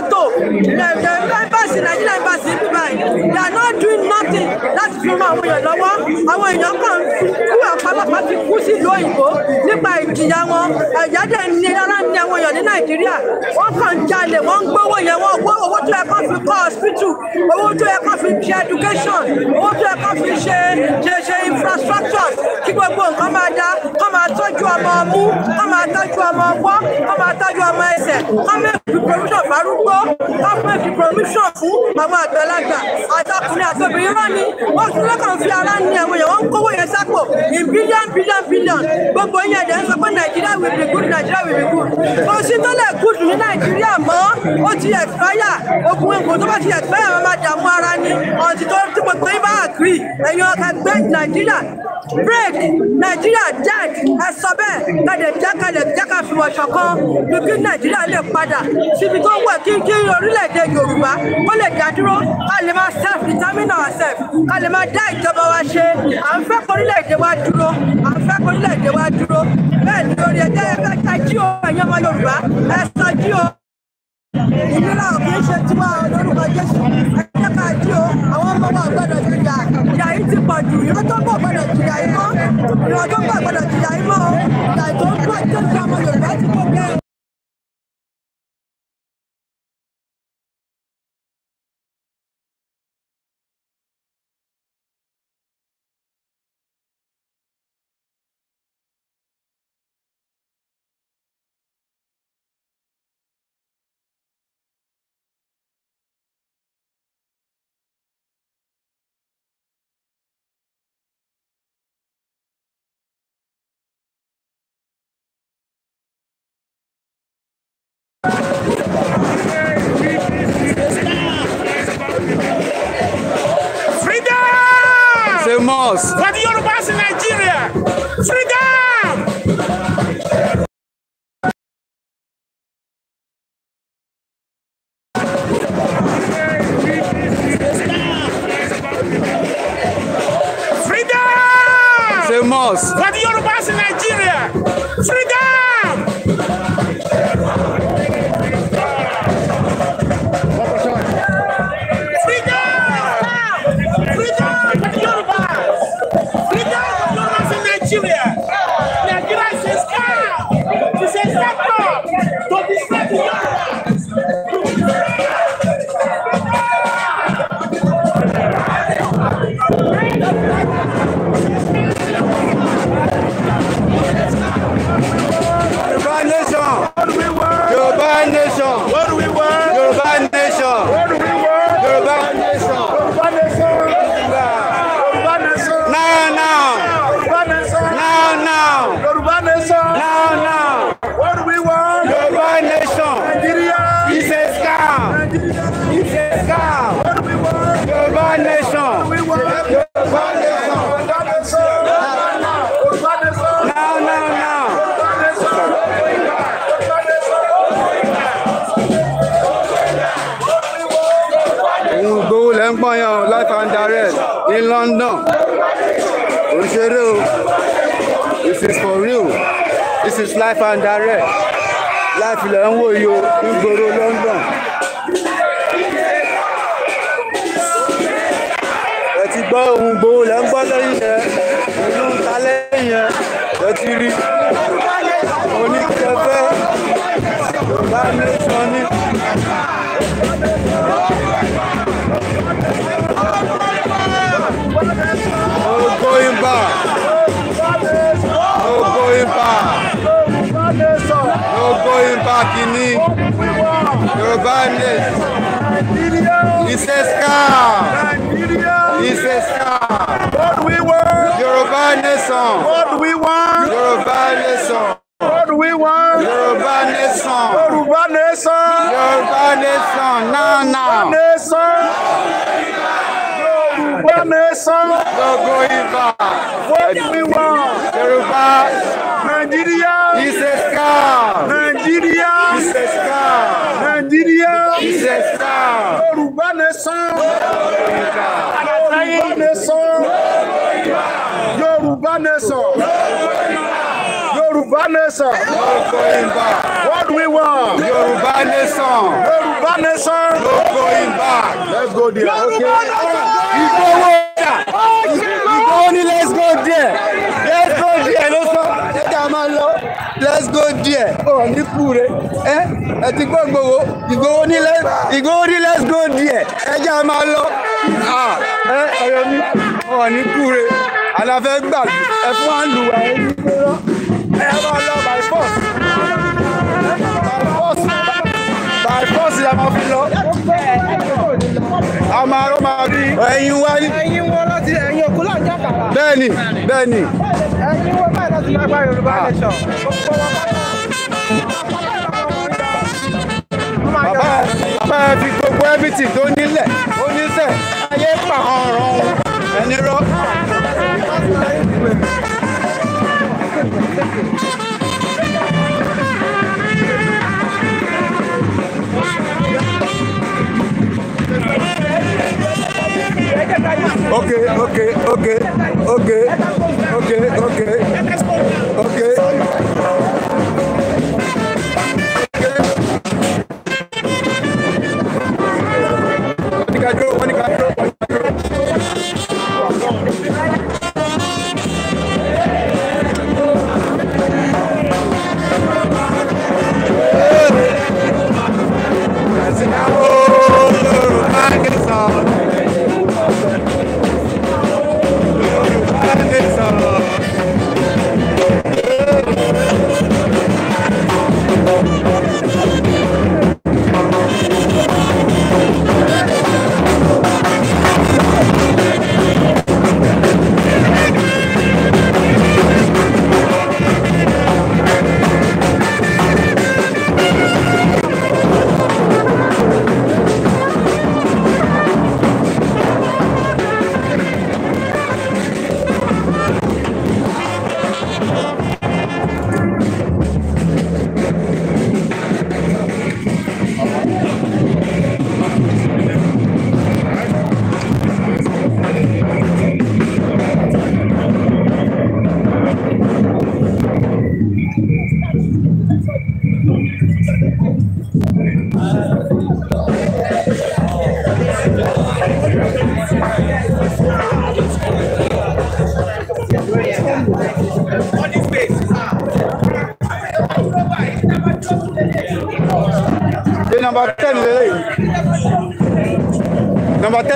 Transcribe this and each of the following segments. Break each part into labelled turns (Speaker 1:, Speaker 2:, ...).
Speaker 1: mọ́tò ẹ̀ẹ́dẹ́gbẹ̀sì nàìjíríà ẹ̀ẹ́dẹ́gbẹ̀sì dubai they are not doing nothing láti fi mọ àwọn èèyàn lọ́wọ́ àwọn èèyàn kan kú àpapọ̀ ti kú sílùú òyìnbó nípa ìjìyà wọn ẹ̀yà dẹ̀ ni àwọn èèyàn ní nàìjíríà wọ́n kàn ń jalè wọ́n ń gbówó yẹn wọ́n gbó owó tó yẹ kán fi kọ́ hospital owó tó yẹ kán fi ṣe education owó tó yẹ kán fi ṣe ṣe ṣe infrastructures kí gbogbo nǹkan máa dá kán máa tọ́jú ọmọ ọmú kán máa tọ́jú ọmọ ọwọ́ kán máa tọ́jú ọmọ ẹsẹ̀ kán mẹ́fì provision farúgbó kán mẹ́fì provision fún àwọn àgbàlagbà àtàkùnrin àtòbìnrin rán ni wọ́n tún lọ́kàn fi ara ní àwọn èèyàn wọ́n ń kówó yẹn sápò in billion billion billion gbogbo yẹn dẹ̀ ń sọ pé nàìjíríà will be good nàìjíríà will kò sí tó lè kúdù ní nàìjíríà mọ́ ó ti ẹ̀fáyà ogun èkó tó bá ti ẹ̀fáyà wọn máa dààmú ara ni ọ̀tí tó tí mo gbé bá àgírí ẹ̀yin ọ̀ka gbé nàìjíríà break nàìjíríà dead ẹ sọ bẹ́ẹ̀ kàdé jákàdé jákà fi wọ̀ṣọ̀ kan ní kí nàìjíríà lè padà síbi tó wẹ̀ kí kí orílẹ̀-èdè yorùbá ó lè dá dúró ká lè máa self determine ourselves ká lè máa dá ìjọba wa ṣe à ń fẹ́ kó orílẹ̀-èdè wa dúró à ń fẹ́ kó orílẹ̀-èdè wa dúró bẹ́ẹ̀ ni orí ẹ̀jẹ̀ ẹ̀fẹ́ ta jí o ẹ̀yin e ẹ̀yin ọmọ Yorùbá ẹ sọjí o ìnira ò kì í ṣe tiwa lórúkọ Jésù ẹ jẹ́ ká jí o àwọn ọmọ wa gbọ́dọ̀ jìyà ìyà yìí ti pọ̀ jù ìran tó ń bọ̀ gbọ́dọ̀ jìyà yìí mọ́ ìran tó ń bọ̀ gbọ́dọ̀ jìyà yìí mọ́ ìyà tó ń bọ̀ jésù ọmọ Yorùbá ti kó bẹ́ẹ̀.
Speaker 2: this is for real this is life and direct life ilẹ̀ ń wò yìí o nígboro London. ẹ ti gbọ́ ohun gbòó lẹ́ ń gbọ́ lẹ́yìn yẹn ìlú ń yẹn ẹ rí oníkẹfẹ́ Yorùbá nation ní. Kini, Yoruba This is Scar. What we want. Yoruba Nation. What we want. Yoruba Nation. What we want. Yoruba Nation. Yoruba Nation. Yoruba Nation. Now, now. Yoruba Nation. One nation. going back. What we want? Yoruba. Nigeria.
Speaker 1: Is a scam.
Speaker 2: Nigeria. Yoruba nation. Yoruba nation. Yoruba nation. going back. What we want? Yoruba nation. Yoruba nation. No going back. Let's go there. okay ìgbowó ọjà ìgbowó ní let's go there let's go there ló sọ ṣẹ́jà máa lọ let's go there ọ̀ ní kúre ẹ ẹ ti gbọ́ gbowó ìgbowó ní let's go there ṣẹ́jà máa lọ ẹ ọ̀yọ́ mi ọ̀ ní kúre àlàfẹ́ gbàgbé ẹ fún àlùwà ẹ ní kúrọ́ ẹ máa lọ. a máa máa bí ẹ̀yin wá ní. ẹ̀yin wọn láti ẹ̀yin òkú láti jàkàrà. bẹ́ẹ̀ni bẹ́ẹ̀ni. ẹ̀yin wọn báyìí láti máa gba Yorùbá ah. nation. bàbá bàbá ẹ fi gbogbo ẹ́bìtì tó nílẹ̀ ó ayé pa ọ̀rọ̀ ọ̀hún ẹni rọ́. Thank you. Okay, okay, okay, okay, okay, okay, okay.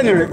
Speaker 2: 팬을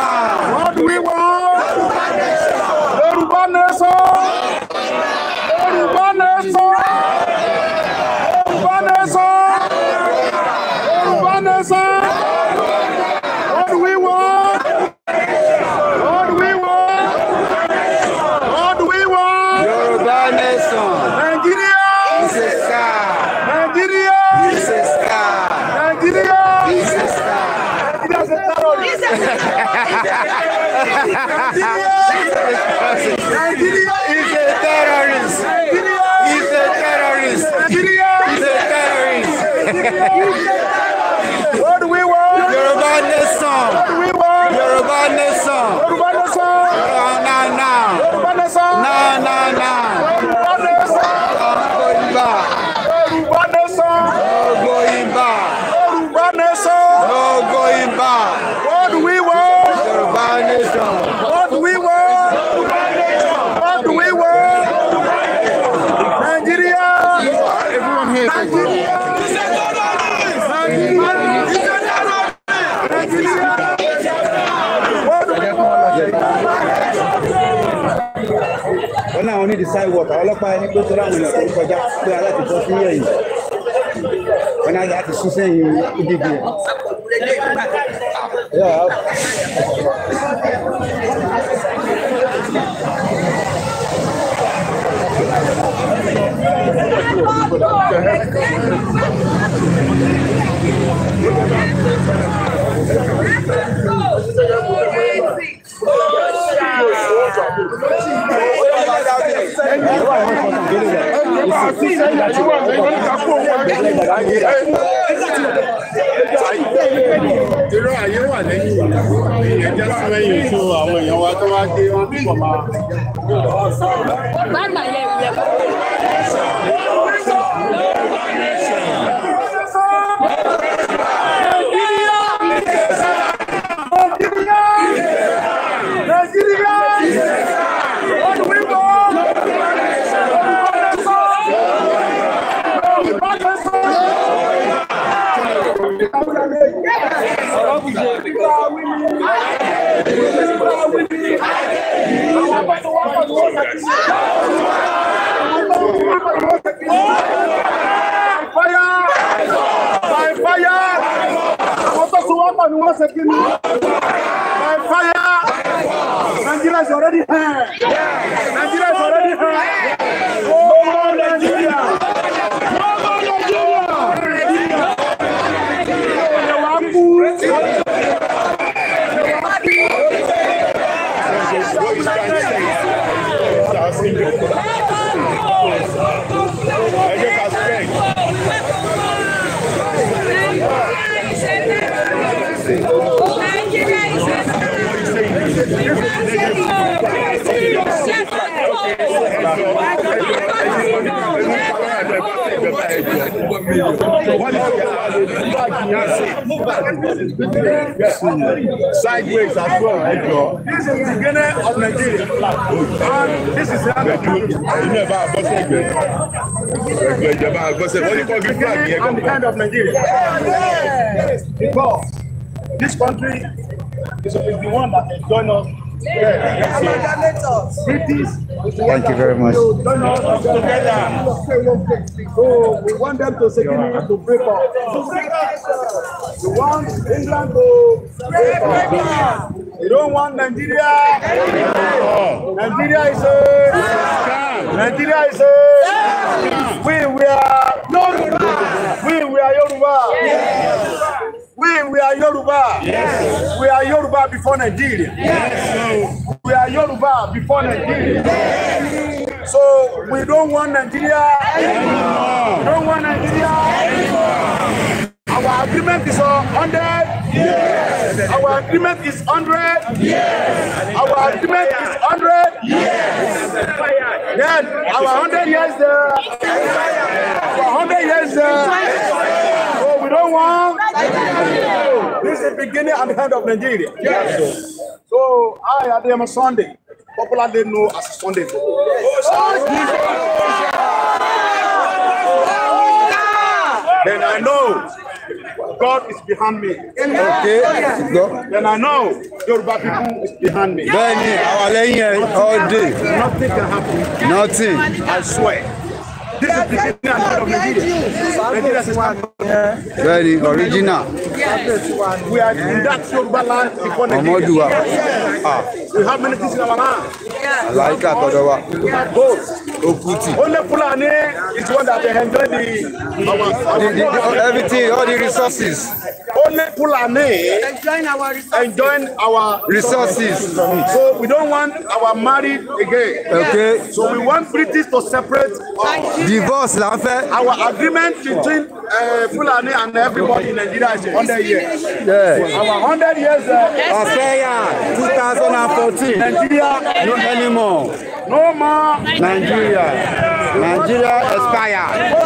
Speaker 2: God. What do we want? Amen. sáré wọ̀tà ọlọ́pàá ẹni pé tó ráwọn èèyàn tó ń kọjá pé aláti bọ́ sí ẹ̀yìn wọn náà láti sún sẹ́yìn ibi
Speaker 1: Let's go.
Speaker 2: irọ́ ayé wà lẹ́yìn wà lẹ́yìn ẹ̀jẹ̀ sí lẹ́yìn fún àwọn èèyàn wa tó wá dé wọn pọ̀ máa. bàbá
Speaker 1: yẹn yẹ kó. Sideways
Speaker 2: as well. This is the beginning of Nigeria. this is the end of Nigeria. Because this country is the one that has joined us Thank
Speaker 1: you very much. So
Speaker 2: we want them to second to break up. We want England to break up. We don't want Nigeria. Nigeria is a Nigeria is a we we are Yoruba. We we are Yoruba. We, we are Yoruba. Yes. We are Yoruba before Nigeria. Yes. We are Yoruba before Nigeria. Yes. So we don't want Nigeria We don't want Nigeria Our agreement is hundred. Yes. Our agreement is hundred. Yes. Our agreement is hundred. Yes. Then our hundred years there. Uh, our hundred years there. Uh, don't want This is the beginning and the end of Nigeria. Yes. So I had them on Sunday, they know as Sunday. Oh, Then I know God is behind me. Okay. Then I know Yoruba people is behind me. Bẹ́ẹ̀ni, àwọn lẹ́yìn all day. Nothing can happen. Nothing. I swear very original. Yes. We are in that Yoruba land before Nigeria. Yes. Ah. We have many things in our land.
Speaker 1: Yes. Like that, Odowa.
Speaker 2: We have gold. Okuti. Only Fulani is one that they enjoy the, the, the, the everything, all the resources only Fulani enjoying our our resources. So we don't want our marriage again. Okay. So we want British to separate. Divorce Our agreement between uh, Fulani and everybody in Nigeria is 100 years. Yeah. Our 100 years. Uh, Afẹ́yà 2014. Nigeria no anymore. No more Nigeria. Nigeria expired.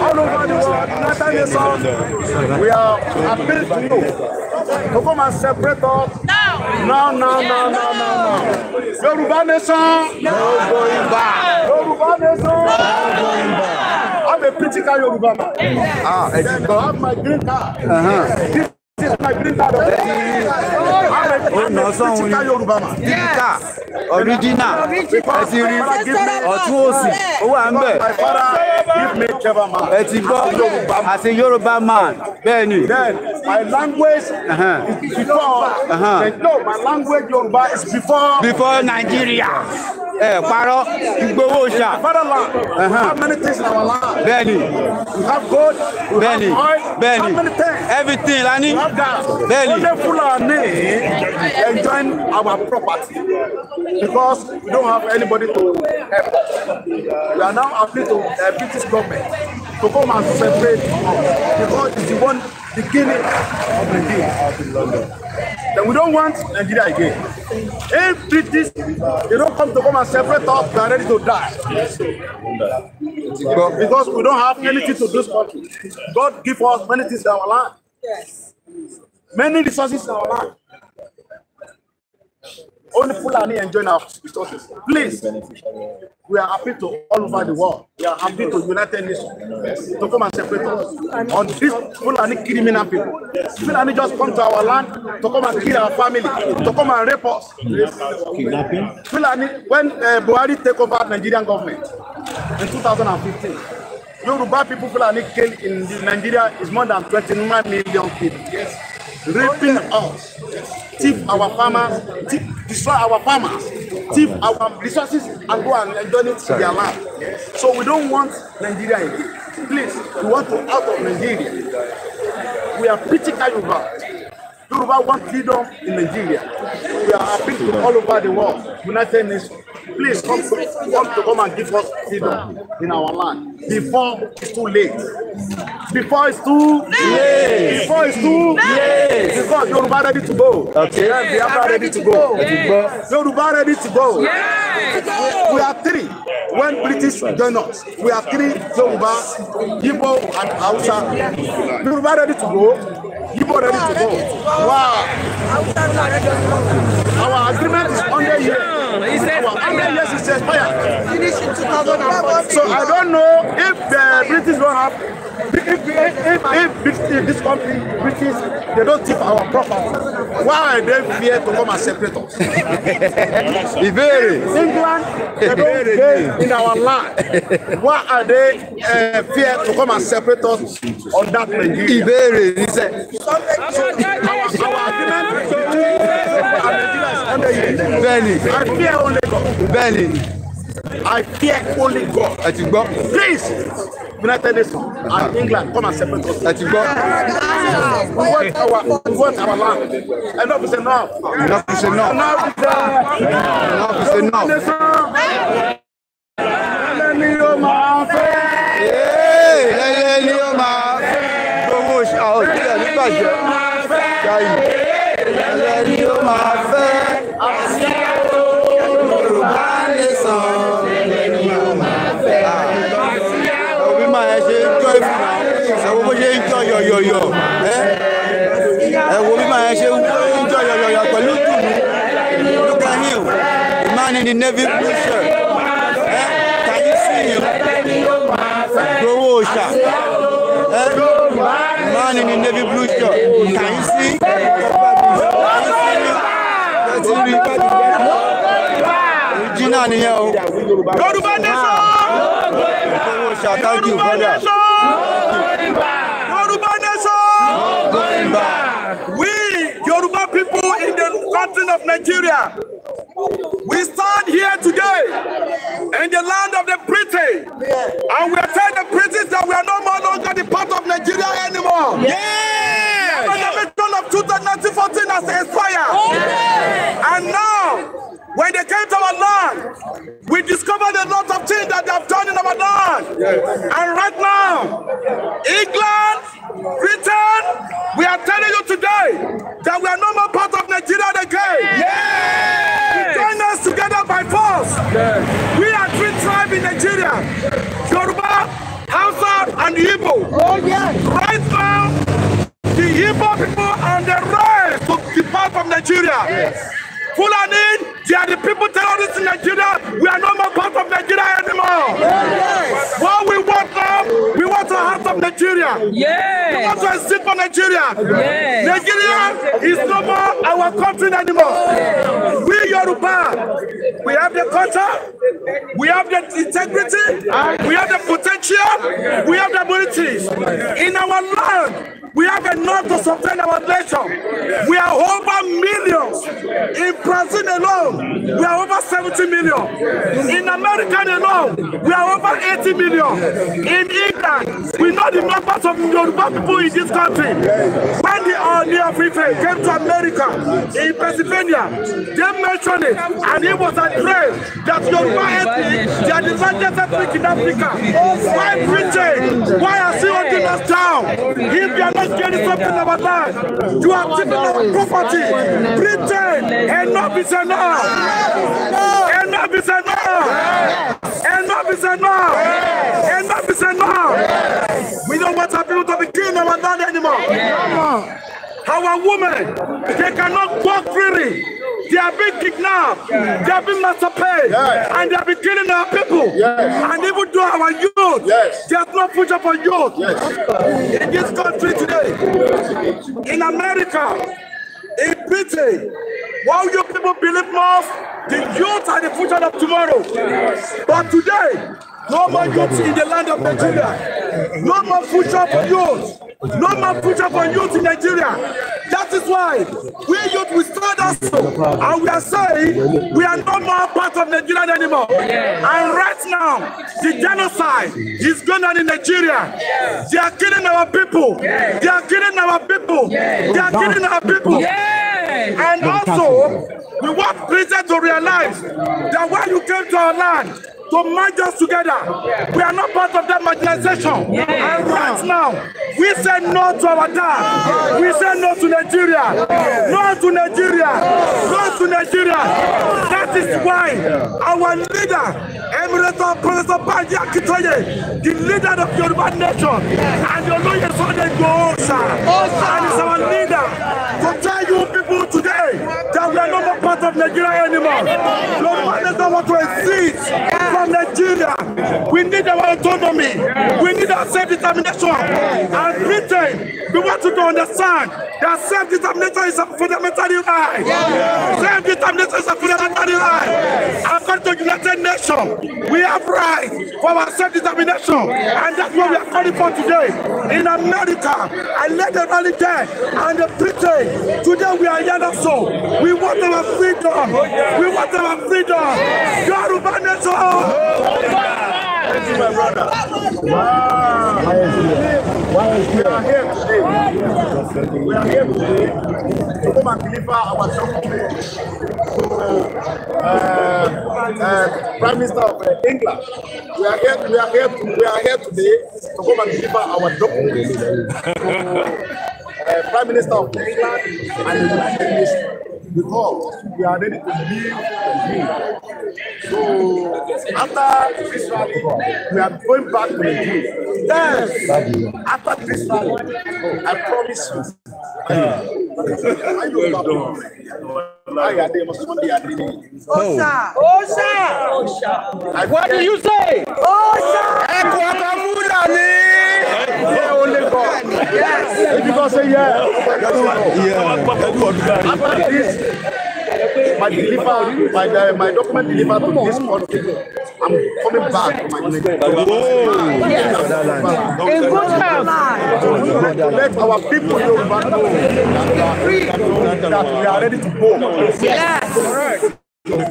Speaker 2: all over the world, United Nations, we are appealing to you to come and separate us. Now, now, now, now, now, now. Yoruba Nation, no going back. Yoruba Nation, no going back. I'm a pretty guy, Yoruba man. Ah, I have my green card. Uh-huh ọ̀nà sọ́hun ni dígítà
Speaker 1: ọ̀ríjínà ẹ̀sìn rí ọ̀tún òsì
Speaker 2: ó wà ń bẹ̀ ẹ gbọ́ àti Yorùbá man bẹ́ẹ̀ ni. before. before Nigeria ẹ parọ́ gbowó ṣá. bẹ́ẹ̀ni bẹ́ẹ̀ni bẹ́ẹ̀ni everything la ní bẹ́ẹ̀ni. only Fulani enjoying our property because we don't have anybody to help us we are now appealing to uh, British government to come and separate us because it's the one beginning of the day out in Then we don't want Nigeria again. If British, they don't come to come and separate us, we are ready to die. But because we don't have anything to this country. God give us many things in our land. Yes. Many resources in our land. Only Fulani enjoying our resources. Please, we are happy to all over the world. We are happy to United Nations to come and separate us. On this Fulani criminal people. Fulani just come to our land to come and kill our family, to come and rape us. Fulani, when uh, Buhari take over Nigerian government in 2015, Yoruba people Fulani killed in Nigeria is more than 29 million people. Yes raping us, thief our farmers, thief, destroy our farmers, thief our resources and go and donate to their land. So we don't want Nigeria again. Please, we want to out of Nigeria. We are pretty kind of Yoruba want freedom in Nigeria. We are appealing to all over the world, United Nations. Please come to, come to come and give us freedom in our land before it's too late. Before it's too late. Before it's too late. Because Yoruba ready to go. Okay. Yes, are ready to go. Yes. Yoruba ready to go. Yes. We are three. When British join us, we are three Yoruba, people and Hausa. Yoruba ready to go. Igbo ready to go. Wow. Our agreement is 100 years. Our 100 years is expired. So I don't know if the British don't have if, if, if, if this country British, they don't tip our property, why are they fear to come and separate us? Ìbéèrè. England, they don't in our land. Why are they uh, fear to come and separate us on that Nigeria? Ìbéèrè ni sẹ́. Our our agreement is under you. Bẹ́ẹ̀ni. I fear only God. Bẹ́ẹ̀ni. I fear only God. Ẹ ti gbọ́. Please, United Nations and England come and separate us. Ẹ ti gbọ́. We want our we want our land. Enough is enough. Enough is enough. Enough is enough. Enough is enough. Ẹlẹ́ ni yóò ṣe ń jọ ìfúnná ẹ wo bó ṣe ń jọ yọ̀yọ̀yọ̀ ẹ ẹ wo ṣe ń jọ yọ̀yọ̀yọ̀ pẹ̀lú dùnú look at him the man in the navy blue shirt ẹ can you see him gbowó ọ̀ṣà ẹ man in the navy blue shirt can you see can you see me original nìyẹn o. Yorùbá nation. Asha, thank you, brother. No going back. Yoruba nation. No going back. We, Yoruba people in the continent of Nigeria, we stand here today in the land of the British, and we are telling the British that we are no more longer the part of Nigeria anymore. Yeah! yeah. The mission of 2014 has expired, Yeah. and now when they came to our land, we discovered a lot of things that they have done in our land. And right now, England, Britain, we are telling you today that we are no more part of Nigeria again. Yes. join us together by force. Yes. We are three tribes in Nigeria. Yoruba, Hausa, and Igbo. Oh, yes. Right now, the Igbo people and the rest to depart from Nigeria. Yes. Fulani, they are the people telling us in Nigeria, we are no more part of Nigeria anymore. Yes. What we want now, we want a heart of Nigeria. Yes. We want to sit for Nigeria. Yes. Nigeria is no more our country anymore. Yes. We Yoruba, we have the culture, we have the integrity, we have the potential, we have the abilities. In our land, we have enough to sustain our nation. We are over millions. In Brazil alone, we are over 70 million. In America alone, we are over 80 million. In England, we know the numbers of Yoruba people in this country. When the army of Ife came to America, in Pennsylvania, they mentioned it, and it was addressed that Yoruba ethnic, they are the largest ethnic in Africa. Why Britain? Why are they holding us down? If they are not you have taken our property. Britain, enough is enough. Enough is enough. Enough is enough. Enough is enough. We don't want our people to be killing Ramadan anymore. Our women, they cannot walk freely. They are being kidnapped, they have been massacred, yes. and they are been killing our people. Yes. And even though our youth, yes. there's no future for youth yes. in this country today. In America, in Britain, while you people believe most, the youth are the future of tomorrow. But today, no more youth in the land of Nigeria. No more future for youth. No more future for youth in Nigeria. That is why we youth we stand us and we are saying we are no more part of Nigeria anymore. And right now, the genocide is going on in Nigeria. They are killing our people. They are killing our people. They are killing our people. And also, we want president to realize that when you came to our land, to merge us together. We are not part of that marginalization. And right now, we say no to our dad. We say no to Nigeria. No to Nigeria. No to Nigeria. That is why our leader, Emirator Professor Banji Akitoye, the leader of Yoruba nation, and the lawyer Sunday Gosa, and is our leader to that we are more part of Nigeria anymore. Look, that is not what to exist from Nigeria. We need our autonomy. We need our self-determination. And Britain, we want you to understand that self-determination is a fundamental right. Self-determination is a fundamental right. According to United Nations, we have right for our self-determination. And that's what we are calling for today. In America, I led the rally there and the Britain. Today we are here also. We want our freedom. We want our freedom. Yoruba Nation. my brother. Wow. Why is here? Why is here? We are here today. We are here today
Speaker 1: to come and deliver our document
Speaker 2: to uh, uh, uh, Prime Minister of uh, England. We are here. We are here. To, we are here today to come and deliver our document uh, Prime Minister of England and the United Nations because we are ready to leave So after this rally, we are going back to the Jews. Then after this rally, I promise you. Uh, well done. Osa! Osa! What do you say? Oh, sir! If you gonna say yeah, yeah. This, my deliver, my uh, my document delivered to this country. I'm coming back to my nation. Oh, yes. In Let our people know that, that we are ready to go. Yes.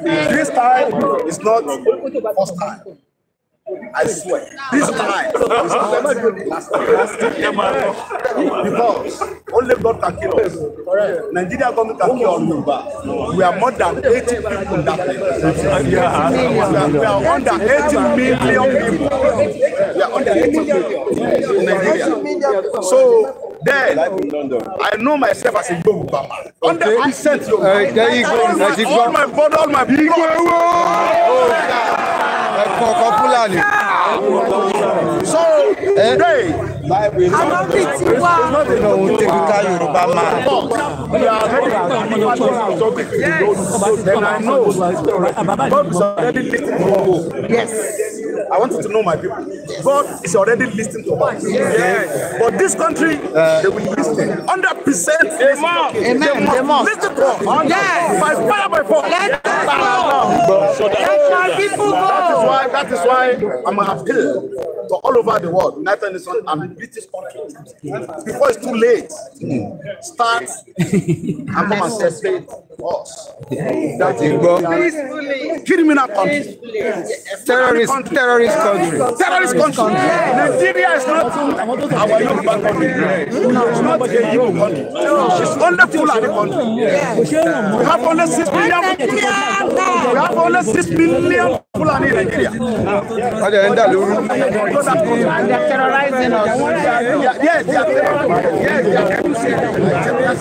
Speaker 2: This time is not first time. I swear. This time is time. Because only God can kill us. Nigeria government can kill us. We are more than 80 people in that
Speaker 1: place. We are under 80 million people. We
Speaker 2: are under 80 million in Nigeria. So then I know myself as a Yoruba man. Under accent Yoruba. There you go. All my blood, all my people. Oh, God ẹ̀kọ́ ọkọ̀ fúlàní. sọ́rọ̀ ẹ̀ Àlọ́bì ti to Yoruba man. We are Then I know. God is already listening to Yes. I wanted to know my people. God is already listening to us. Yes. But this country, uh, they will listen. 100% Amen. Amen. Listen to us. Yes. By fire, by force. Let us go. Let our people go. That is why, that is why I'm appealing for all over the world, United Nations and British countries. Before it's too late, start and come and celebrate
Speaker 1: criminal
Speaker 2: country terrorist terrorist country terrorist country Nigeria is not our Yoruba country it's not a country it's only Fulani country we have only six million we have only six million Fulani in Nigeria ọdẹ ẹ and they terrorizing us. yes yes yes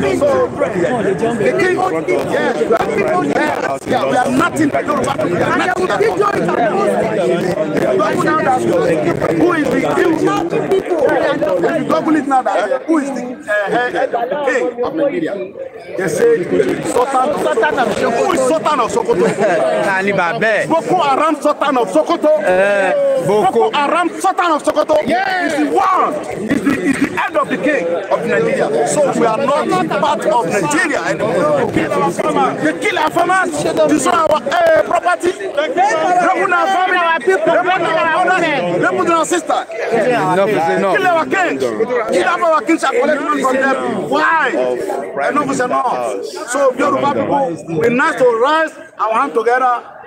Speaker 2: yes. The king, yes, we are people yes, yeah, we are nothing but Yoruba people. And there will be joy in the Who is the king? people. If you double it now, that who is the uh, head uh, king of Nigeria? They say Sultan of Sokoto. Who is Sultan of Sokoto? Talibabe. Boko Haram Sultan of Sokoto. Uh, Boko Haram Sultan of Sokoto. Yeah. Is the one. Is the is the head of the king of Nigeria. So we are not part of Nigeria and You kill our farmers, destroy our uh, property, remove our family, our people, remove our brothers, remove our sister. Kill our kings, kidnap our kings and collect money from them. Why? Enough is enough. So Yoruba people, we need to rise our hand together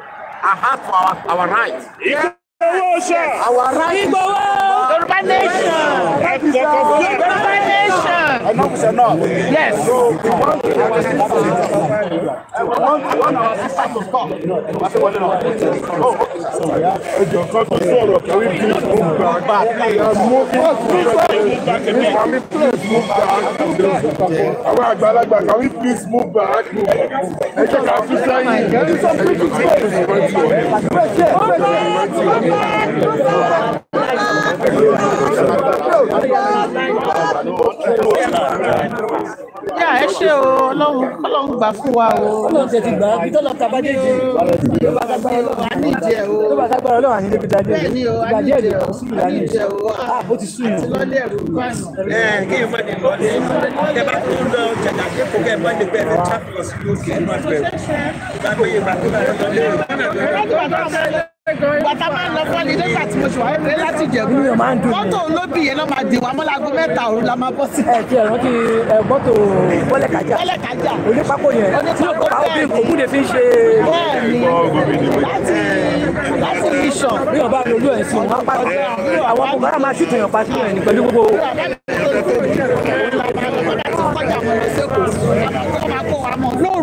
Speaker 2: and fight for our, our rights. Yeah. Our rights. Urban Nation. Enough is enough. Yes. So we want, we want, want our system to Oh, can we please move back? Can we please move back? can we please move back? Ẹ jẹ́ ká fi sẹ́yìn. yà ẹ ṣe o ọlọ́run ọlọ́run gbà fún wa o. ọlọ́run tẹ̀ ti gbà á bí tọ́lá ta bá jẹ́ jẹ́ ló bá lágbára ọlọ́run àní ìjẹ́ o ló bá lágbára ọlọ́run àní níbi dájẹ́ bẹ́ẹ̀ o àní ìjẹ́ o àní ìjẹ́ o àbó ti sùn yìí. lọ́lẹ̀ ẹ̀rù kánù. ẹ kí n mọ̀dé lọ́lẹ̀ ẹ bá tó lọ jàdá kí kò kẹ́ ẹ mọ̀dé pé ẹ fẹ́ bàtà máa ń lọ fọ́ọ̀lì nígbà tí mo ṣùwà ẹ̀rẹ́ láti jẹ̀bú mọ́tò olóbì yẹn ló máa dì wá mọ́lágo mẹ́ta òru la máa bọ́ sí. ẹ ti ẹ̀rọ ti mọ́tò bọ́lẹ̀kájà bọ́lẹ̀kájà onípákó yẹn tí o bá obìnrin
Speaker 1: kò múde fi ń ṣe. bẹ́ẹ̀ni láti láti iṣan. bí ọba mi olú ẹ̀ sí wọn pa àwọn ọmọ bàbá máa ṣètò yàn pa sí ẹ̀ ní pẹ̀lú gbogbo.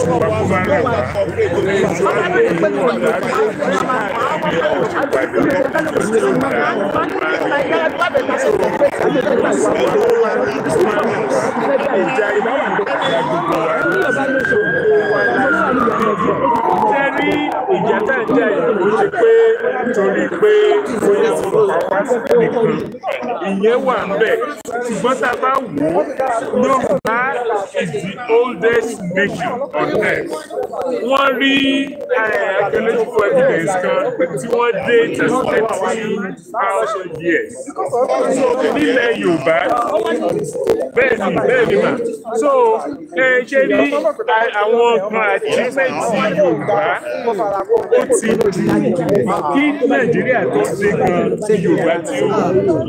Speaker 2: Ìjà ìbáwá torí ìjẹ́tẹ̀jẹ́ ìlú ṣe pé torí pé bóyá ọ̀pá sí nìkan ìyẹn wà ń bẹ̀ ṣùgbọ́n tá a bá wò ó Yorùbá is the oldest nation on earth wọ́n rí archaeological evidence kan tí wọ́n dé thirty thousand years nílẹ̀ Yorùbá bẹ́ẹ̀ ni bẹ́ẹ̀ so
Speaker 1: ẹ ṣe rí àwọn ọgbọ́n àjírímẹ̀tì Yorùbá
Speaker 2: ó ti di kí Nàìjíríà tó ṣe gan ti Yorùbá tí ó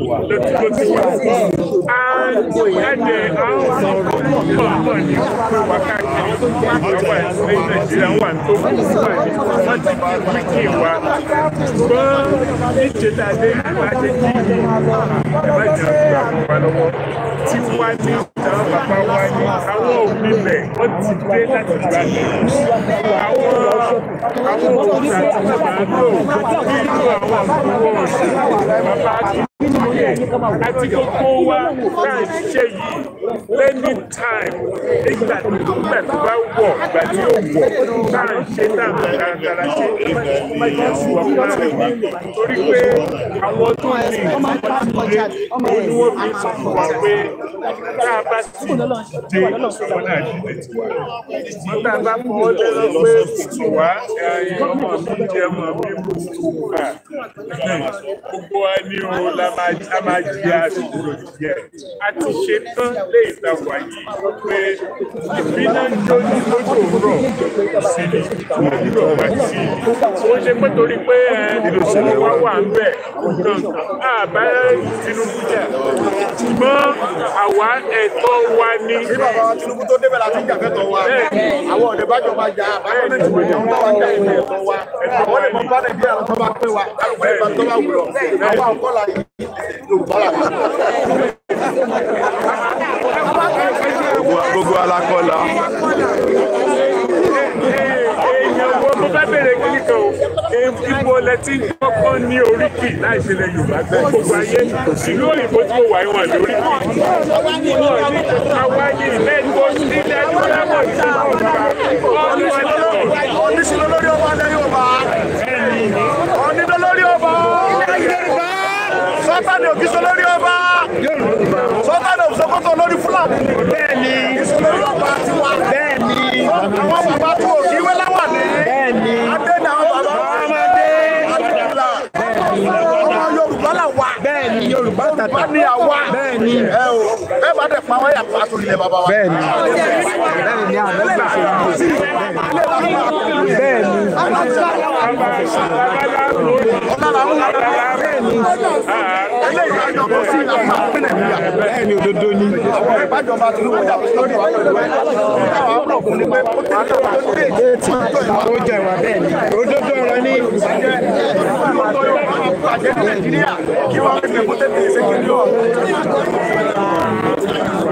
Speaker 2: wà ló ti wà
Speaker 1: á gbòyàjẹ
Speaker 2: uh, àwọn ọ̀rọ̀ pọ̀ pọ̀ ní wákàtí àwọn tó wà ní nàìjíríà wà tó wà ní wọn ti kí wíkì wa ṣùgbọ́n níṣẹ́ tá a dé ìlú ajé kí ẹ̀rọ ìjọba àwọn wa lọ́wọ́ tí wá ní ìjọba bàbá wa ní àwọn òbí bẹ̀ wọ́n ti dé láti gbà ní àwọn
Speaker 1: àwọn òkúta tí wọ́n máa ń lò nínú
Speaker 2: àwọn àbúrò ọ̀sẹ̀ bàbá kí àti kókó wa náà ṣe yìí lẹ́ni táìmù nígbà tí nígbà tó bá wọ̀ gbà tí ó wọ̀ tá à ń ṣe tá à ń garagara ṣe ìgbà tí wọ́n bá rẹ̀ wá torí pé àwọn tó ní ìdílé olúwo fi sọ fún wa pé
Speaker 1: tá a bá sì dé ọmọ náà
Speaker 2: dìde tiwa wọ́n tá a bá fọwọ́ lẹ́nu pé tù wá ọmọ mi jẹ́ ọmọ mi kò tù wá gbogbo wa ni o la máa jẹ àdúgbò yẹ a ti ṣe tán léè ta wà yìí pé ìbílẹ̀ ń jó ní lójú òwúrọ̀ ìsinmi
Speaker 1: òwúrọ̀ wá sí i.
Speaker 2: wọ́n ṣe pé torí pé ìlòsílẹ̀ wá wà ń bẹ̀ nǹkan àbá Tinubu jà ṣùgbọ́n àwa ẹ̀tọ́ wa ni. bí bàbá Tinubu tó débẹ̀ láti jà fẹ́tọ̀ wa àwọn ọ̀dẹ̀ bá jọba jà àbáyọ̀ ní ìwé ni wọ́n wá ń jà ẹ̀tọ́ wa àwọn lè mọ bá Nàìjíríà tó bá pé wa kálukú ẹ̀ka bá wùrọ̀ àwọn àkọ́là gbogbo alakọ́la. èèyàn wo mo fẹ́ bèrè kí nìkan o ìbò lẹ́tí kọ́kọ́ ní oríkì láì ṣẹlẹ̀ Yorùbá tẹ́ gbogbo ayé ìlú òyìnbó tí mo wà yín wà lórí kì í wọ́n ní àwa yìí lẹ́gbọ́ nílẹ̀ ìgbàlọ́mọ̀ tí wọ́n bá oníṣẹ́ lórí ọba ilẹ̀ Yorùbá oníṣẹ́ lórí ọba sátani òkìṣẹ́ lórí ọba bẹ́ẹ̀ ni bẹ́ẹ̀ ni àwọn bàbá tó ìwé láwà ní bẹ́ẹ̀ ni adéna àwọn bàbá ọmọdé ọmọ Yorùbá là wà bẹ́ẹ̀ ni Yorùbá tàtà ni àwa bẹ́ẹ̀ ni ẹ o ẹ bá dẹ̀ pa wáyà pàtó ilẹ̀ bàbá wa bẹ́ẹ̀ ni bẹ́ẹ̀ ni àná ìgbà ṣe ń bọ̀ bẹ́ẹ̀ ni bẹ́ẹ̀ òdodo ni ó jẹ ìwà bẹ́ẹ̀ òdodo ọ̀rọ̀ ni Nàìjíríà kí wọ́n fi ẹ̀kọ́ tẹ̀lé ṣe kí n lọ.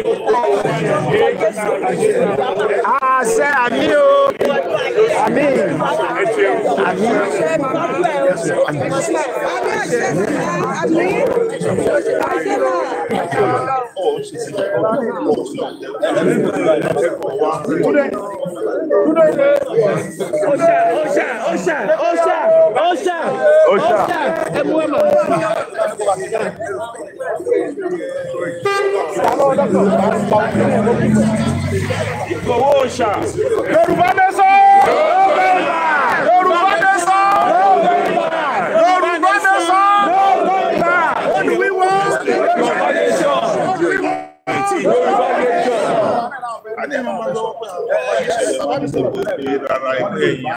Speaker 2: àṣẹ àmì o àmì àmì túnde túnde ọṣà ọṣà ọṣà ọṣà ọṣà ọṣà ẹ mú ẹ mọ. Yorùbá ń pa ìgbòho òòṣà. Yorùbá dé sọ. Yorùbá dé sọ. Yorùbá dé sọ. Yorùbá dé sọ.
Speaker 1: Yorùbá dé sọ.